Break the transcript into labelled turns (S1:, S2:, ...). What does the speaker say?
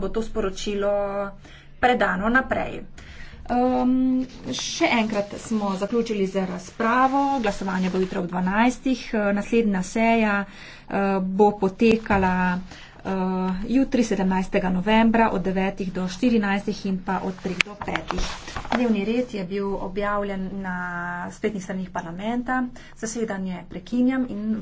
S1: bo to sporočilo predano naprej.
S2: Um, še enkrat smo zaključili z razpravo, glasovanje bo jutro ob 12. E, naslednja seja uh, bo potekala uh, jutri 17. novembra od 9. do 14. in pa od 3. do 5. Dnevni red je bil objavljen na spletnih stranih parlamenta. Zasedanje prekinjam in.